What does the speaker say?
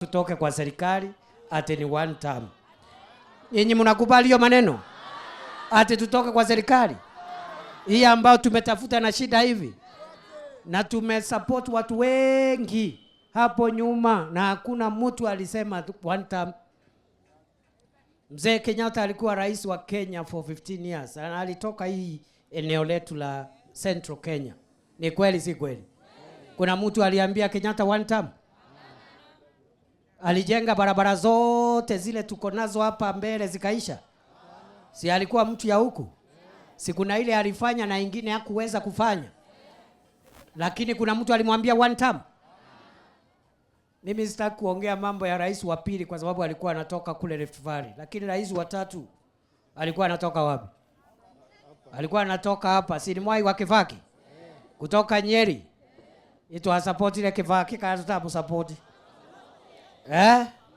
tutoke kwa serikali ati ni one term. Nyinyi mnakubali hiyo maneno? Ati tutoke kwa serikali hii ambayo tumetafuta na shida hivi, na tumesupport watu wengi hapo nyuma, na hakuna mtu alisema one term. Mzee Kenyatta alikuwa rais wa Kenya for 15 years na alitoka hii eneo letu la Central Kenya. Ni kweli si kweli? Kuna mtu aliambia Kenyatta one term? Alijenga barabara zote zile tuko nazo hapa mbele zikaisha. Si alikuwa mtu ya huku? Si kuna ile alifanya na ingine hakuweza kufanya. Lakini kuna mtu alimwambia one time. Mimi sitaki kuongea mambo ya rais wa pili kwa sababu alikuwa anatoka kule Rift Valley. Lakini rais wa tatu alikuwa anatoka wapi? Alikuwa anatoka hapa, si ni mwai wa Kivaki? Kutoka Nyeri. Ito asapoti ile Kivaki kaanza tabu sapoti. 哎。